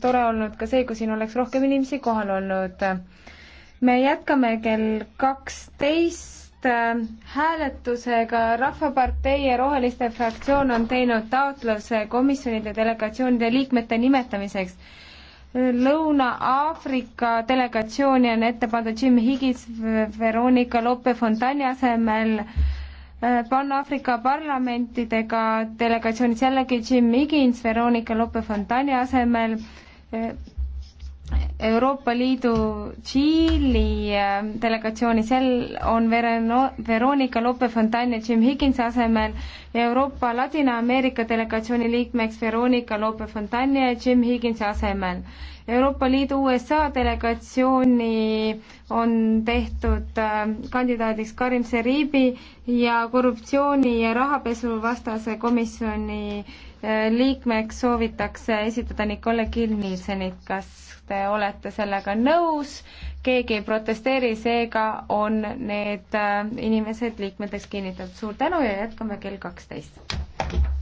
tore olnud ka see, kui siin oleks rohkem inimesi kohal olnud. me jätkame kell kaksteist äh, hääletusega. rahvapartei ja Roheliste fraktsioon on teinud taotluse komisjonide delegatsioonide liikmete nimetamiseks. Lõuna-Aafrika delegatsiooni on ette pandud Jim Higits Veronika Lope-Fontani asemel äh, Pan-Aafrika parlamentidega delegatsioonid jällegi Jim Higgins, Veronika Lope-Fontani asemel Euroopa Liidu Tšiili äh, delegatsiooni, seal on Vereno-, Veronika Lope-Fontani Jim Higginsi asemel Euroopa Ladina-Ameerika delegatsiooni liikmeks Veronika Lope-Fontani ja Jim Higginsi asemel Euroopa Liidu USA delegatsiooni on tehtud äh, kandidaadiks Karim Seribi ja korruptsiooni ja rahapesu vastase komisjoni äh, liikmeks soovitakse esitada Nicole Kill-Nielsenit. kas te olete sellega nõus? keegi ei protesteeri, seega on need äh, inimesed liikmeteks kinnitatud. suur tänu ja jätkame kell kaksteist.